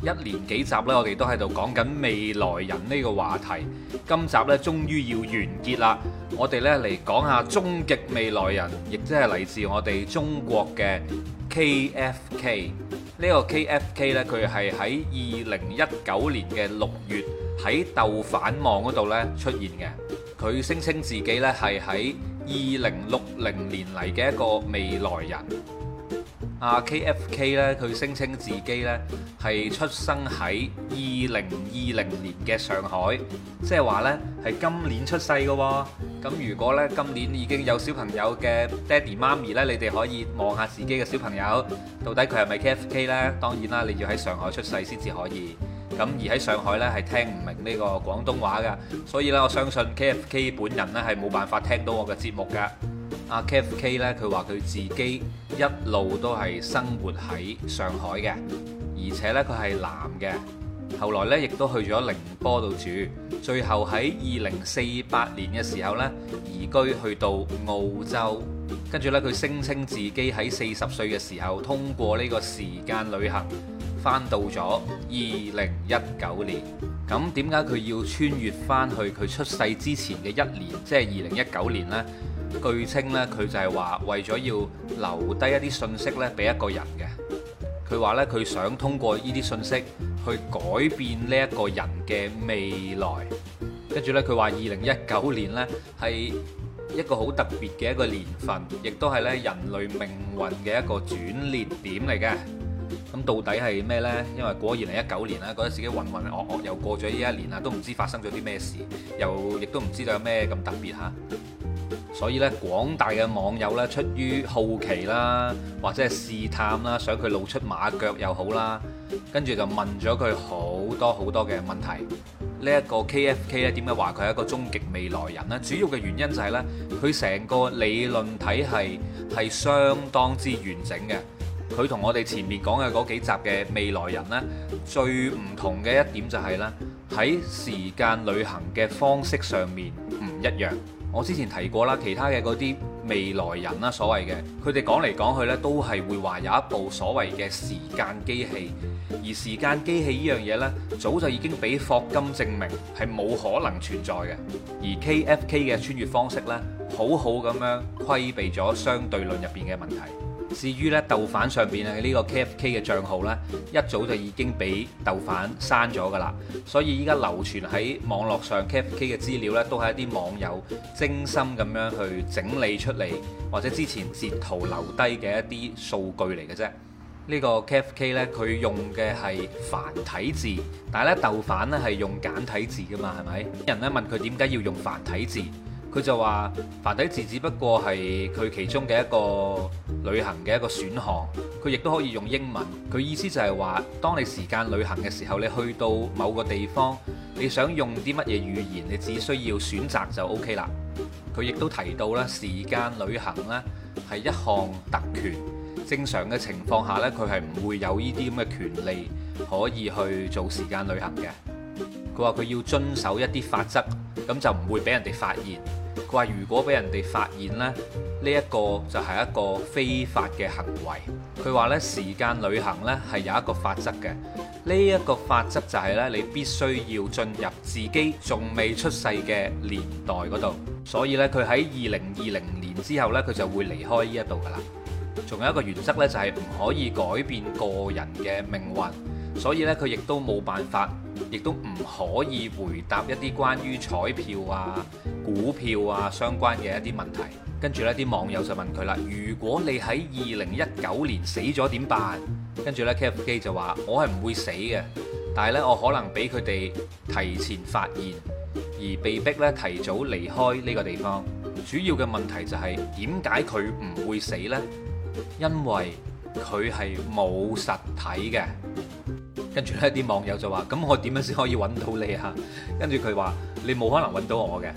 一年幾集咧，我哋都喺度講緊未來人呢個話題。今集咧，終於要完結啦。我哋咧嚟講下終極未來人，亦即係嚟自我哋中國嘅 KFK。呢、呢個 KFK 咧，佢係喺二零一九年嘅六月喺豆瓣網嗰度咧出現嘅。佢聲稱自己咧係喺二零六零年嚟嘅一個未來人。阿 KFK 咧，佢聲稱自己咧係出生喺二零二零年嘅上海，即係話咧係今年出世嘅喎。咁如果咧今年已經有小朋友嘅爹哋媽咪咧，你哋可以望下自己嘅小朋友，到底佢係咪 KFK 咧？當然啦，你要喺上海出世先至可以。咁而喺上海咧係聽唔明呢個廣東話㗎，所以呢，我相信 KFK 本人咧係冇辦法聽到我嘅節目噶。阿 KFK 呢，佢話佢自己一路都係生活喺上海嘅，而且呢，佢係男嘅。後來呢，亦都去咗寧波度住，最後喺二零四八年嘅時候呢，移居去到澳洲。跟住呢，佢聲稱自己喺四十歲嘅時候通過呢個時間旅行，翻到咗二零一九年。咁點解佢要穿越翻去佢出世之前嘅一年，即係二零一九年呢？據稱咧，佢就係話為咗要留低一啲信息咧，俾一個人嘅。佢話咧，佢想通過呢啲信息去改變呢一個人嘅未來。跟住咧，佢話二零一九年咧係一個好特別嘅一個年份，亦都係咧人類命運嘅一個轉捩點嚟嘅。咁到底係咩咧？因為果然二零一九年啦，覺得自己渾渾噩噩，又過咗呢一年啦，都唔知發生咗啲咩事，又亦都唔知道有咩咁特別嚇。所以咧，廣大嘅網友咧，出於好奇啦，或者係試探啦，想佢露出馬腳又好啦，跟住就問咗佢好多好多嘅問題。呢、這、一個 KFK 咧，點解話佢係一個終極未來人咧？主要嘅原因就係、是、呢，佢成個理論體系係相當之完整嘅。佢同我哋前面講嘅嗰幾集嘅未來人呢，最唔同嘅一點就係、是、呢，喺時間旅行嘅方式上面唔一樣。我之前提過啦，其他嘅嗰啲未來人啦，所謂嘅，佢哋講嚟講去呢，都係會話有一部所謂嘅時間機器，而時間機器呢樣嘢呢，早就已經俾霍金證明係冇可能存在嘅，而 KFK 嘅穿越方式呢，好好咁樣規避咗相對論入邊嘅問題。至於咧，豆瓣上邊啊，呢、這個 K F K 嘅帳號呢一早就已經俾豆瓣刪咗噶啦。所以依家流傳喺網絡上 K F K 嘅資料呢都係一啲網友精心咁樣去整理出嚟，或者之前截圖留低嘅一啲數據嚟嘅啫。呢、這個 K F K 呢，佢用嘅係繁體字，但係呢豆瓣呢係用簡體字噶嘛，係咪？啲人呢問佢點解要用繁體字？佢就話繁體字只不過係佢其中嘅一個旅行嘅一個選項，佢亦都可以用英文。佢意思就係話，當你時間旅行嘅時候，你去到某個地方，你想用啲乜嘢語言，你只需要選擇就 OK 啦。佢亦都提到咧，時間旅行咧係一項特權，正常嘅情況下咧，佢係唔會有呢啲咁嘅權利可以去做時間旅行嘅。佢話佢要遵守一啲法則，咁就唔會俾人哋發現。佢話如果俾人哋發現咧，呢一個就係一個非法嘅行為。佢話咧，時間旅行咧，係有一個法則嘅，呢一個法則就係咧，你必須要進入自己仲未出世嘅年代嗰度。所以咧，佢喺二零二零年之後咧，佢就會離開呢一度㗎喇。仲有一個原則呢就係唔可以改變個人嘅命運。所以咧，佢亦都冇辦法，亦都唔可以回答一啲關於彩票啊、股票啊相關嘅一啲問題。跟住呢啲網友就問佢啦：，如果你喺二零一九年死咗點辦？跟住呢 KFK 就話，我係唔會死嘅，但係呢，我可能俾佢哋提前發現，而被逼咧提早離開呢個地方。主要嘅問題就係、是，點解佢唔會死呢？因為佢係冇實體嘅。跟住呢啲網友就話，咁我點樣先可以揾到你啊？跟住佢話，你冇可能揾到我嘅。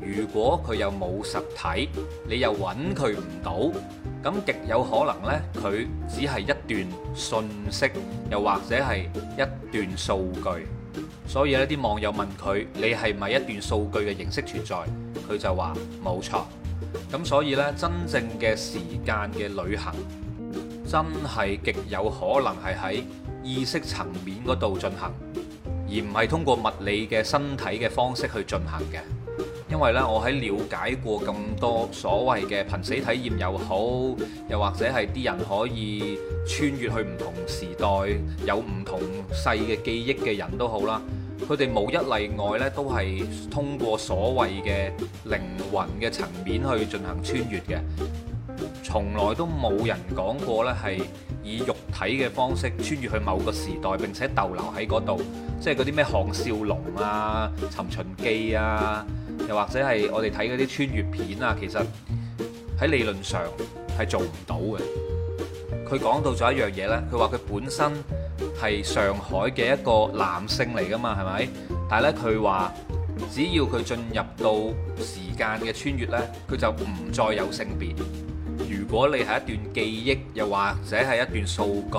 如果佢又冇實體，你又揾佢唔到，咁極有可能呢，佢只係一段訊息，又或者係一段數據。所以呢啲網友問佢，你係咪一段數據嘅形式存在？佢就話：冇錯。咁所以呢，真正嘅時間嘅旅行真係極有可能係喺意識層面嗰度進行，而唔係通過物理嘅身體嘅方式去進行嘅。因為呢，我喺了解過咁多所謂嘅瀕死體驗又好，又或者係啲人可以穿越去唔同時代，有唔同世嘅記憶嘅人都好啦，佢哋無一例外呢，都係通過所謂嘅靈魂嘅層面去進行穿越嘅。從來都冇人講過呢，係以肉體嘅方式穿越去某個時代並且逗留喺嗰度，即係嗰啲咩《項少龍》啊，《尋秦記》啊，又或者係我哋睇嗰啲穿越片啊，其實喺理論上係做唔到嘅。佢講到咗一樣嘢呢，佢話佢本身係上海嘅一個男性嚟㗎嘛，係咪？但係呢，佢話只要佢進入到時間嘅穿越呢，佢就唔再有性別。如果你係一段記憶，又或者係一段數據，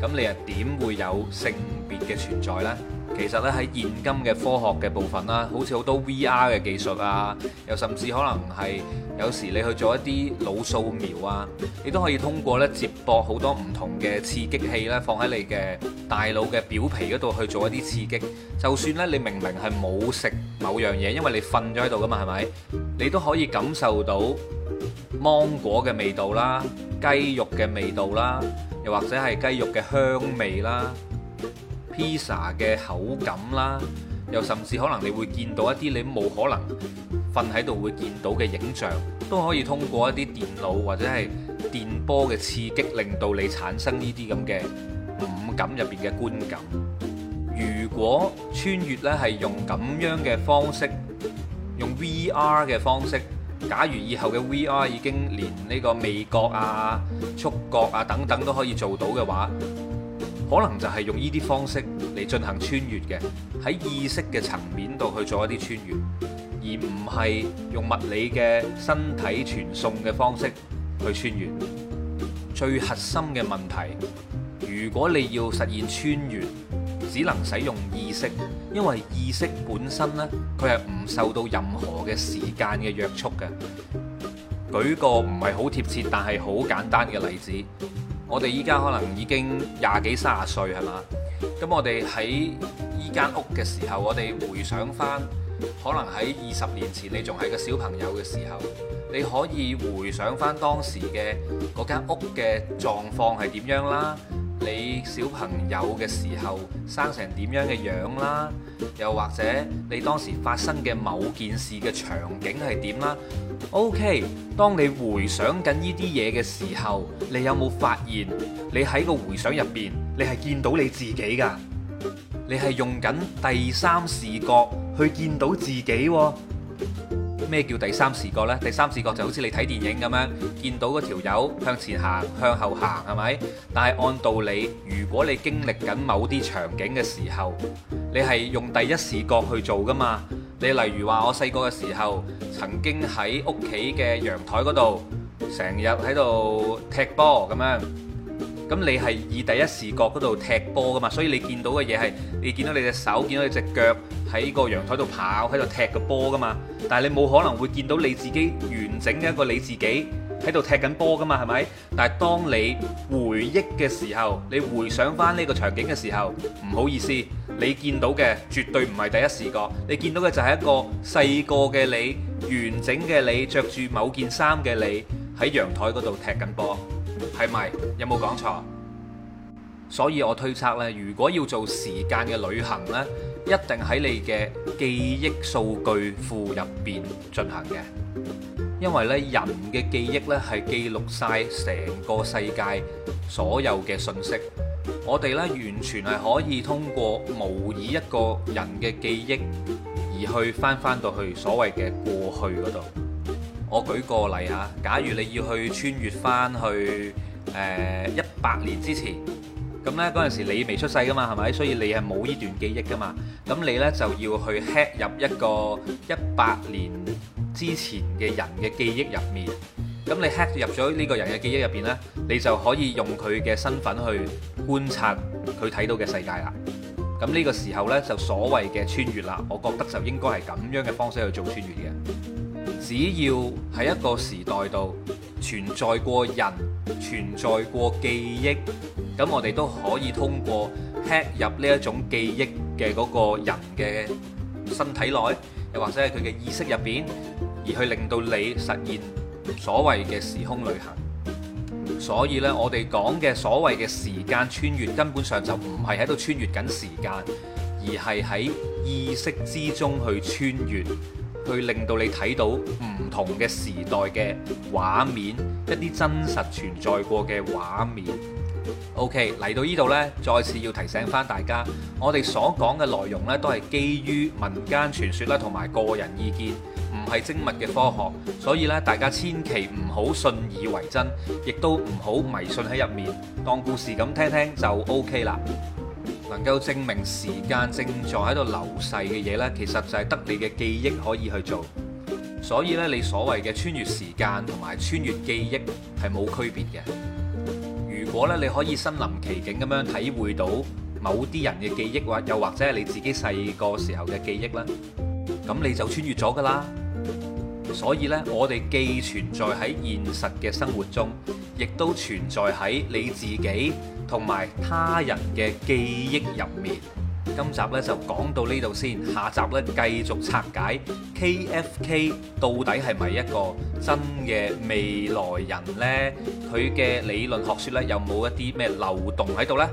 咁你又點會有性別嘅存在呢？其實咧，喺現今嘅科學嘅部分啦，好似好多 VR 嘅技術啊，又甚至可能係有時你去做一啲腦掃描啊，你都可以通過咧，接駁好多唔同嘅刺激器呢，放喺你嘅大腦嘅表皮嗰度去做一啲刺激。就算咧，你明明係冇食某樣嘢，因為你瞓咗喺度噶嘛，係咪？你都可以感受到。芒果嘅味道啦，雞肉嘅味道啦，又或者係雞肉嘅香味啦，披薩嘅口感啦，又甚至可能你會見到一啲你冇可能瞓喺度會見到嘅影像，都可以通過一啲電腦或者係電波嘅刺激，令到你產生呢啲咁嘅五感入邊嘅觀感。如果穿越呢係用咁樣嘅方式，用 VR 嘅方式。假如以後嘅 VR 已經連呢個味覺啊、觸覺啊等等都可以做到嘅話，可能就係用呢啲方式嚟進行穿越嘅，喺意識嘅層面度去做一啲穿越，而唔係用物理嘅身體傳送嘅方式去穿越。最核心嘅問題，如果你要實現穿越。只能使用意識，因為意識本身呢佢係唔受到任何嘅時間嘅約束嘅。舉個唔係好貼切，但係好簡單嘅例子，我哋依家可能已經廿幾三十歲係嘛？咁我哋喺依間屋嘅時候，我哋回想翻，可能喺二十年前你仲係個小朋友嘅時候，你可以回想翻當時嘅嗰間屋嘅狀況係點樣啦。你小朋友嘅時候生成點樣嘅樣啦，又或者你當時發生嘅某件事嘅場景係點啦？OK，當你回想緊呢啲嘢嘅時候，你有冇發現你喺個回想入邊，你係見到你自己噶？你係用緊第三視角去見到自己喎、啊。咩叫第三視角呢？第三視角就好似你睇電影咁樣，見到嗰條友向前行、向後行，係咪？但係按道理，如果你經歷緊某啲場景嘅時候，你係用第一視角去做㗎嘛？你例如話，我細個嘅時候曾經喺屋企嘅陽台嗰度，成日喺度踢波咁樣。咁你係以第一視角嗰度踢波噶嘛，所以你見到嘅嘢係你見到你隻手，見到你隻腳喺個陽台度跑，喺度踢個波噶嘛。但係你冇可能會見到你自己完整嘅一個你自己喺度踢緊波噶嘛，係咪？但係當你回憶嘅時候，你回想返呢個場景嘅時候，唔好意思，你見到嘅絕對唔係第一視角，你見到嘅就係一個細個嘅你，完整嘅你，着住某件衫嘅你喺陽台嗰度踢緊波。係咪？有冇講錯？所以我推測咧，如果要做時間嘅旅行咧，一定喺你嘅記憶數據庫入邊進行嘅，因為咧人嘅記憶咧係記錄晒成個世界所有嘅信息，我哋咧完全係可以通過模擬一個人嘅記憶，而去翻翻到去所謂嘅過去嗰度。我舉個例啊，假如你要去穿越翻去誒一百年之前，咁呢嗰陣時你未出世噶嘛，係咪？所以你係冇呢段記憶噶嘛。咁你呢就要去 hack 入一個一百年之前嘅人嘅記憶入面。咁你 hack 入咗呢個人嘅記憶入邊呢，你就可以用佢嘅身份去觀察佢睇到嘅世界啦。咁呢個時候呢，就所謂嘅穿越啦，我覺得就應該係咁樣嘅方式去做穿越嘅。只要喺一個時代度存在過人，存在過記憶，咁我哋都可以通過吃入呢一種記憶嘅嗰個人嘅身體內，又或者係佢嘅意識入邊而去令到你實現所謂嘅時空旅行。所以咧，我哋講嘅所謂嘅時間穿越，根本上就唔係喺度穿越緊時間，而係喺意識之中去穿越。去令到你睇到唔同嘅時代嘅畫面，一啲真實存在過嘅畫面。OK，嚟到呢度呢，再次要提醒返大家，我哋所講嘅內容呢，都係基於民間傳說啦，同埋個人意見，唔係精密嘅科學，所以呢，大家千祈唔好信以為真，亦都唔好迷信喺入面，當故事咁聽聽就 OK 啦。能夠證明時間正在喺度流逝嘅嘢呢，其實就係得你嘅記憶可以去做。所以呢，你所謂嘅穿越時間同埋穿越記憶係冇區別嘅。如果咧，你可以身臨其境咁樣體會到某啲人嘅記憶，或又或者係你自己細個時候嘅記憶啦，咁你就穿越咗噶啦。所以咧，我哋既存在喺現實嘅生活中，亦都存在喺你自己同埋他人嘅記憶入面。今集咧就講到呢度先，下集咧繼續拆解 KFK 到底係咪一個真嘅未來人呢？佢嘅理論學説咧有冇一啲咩漏洞喺度呢？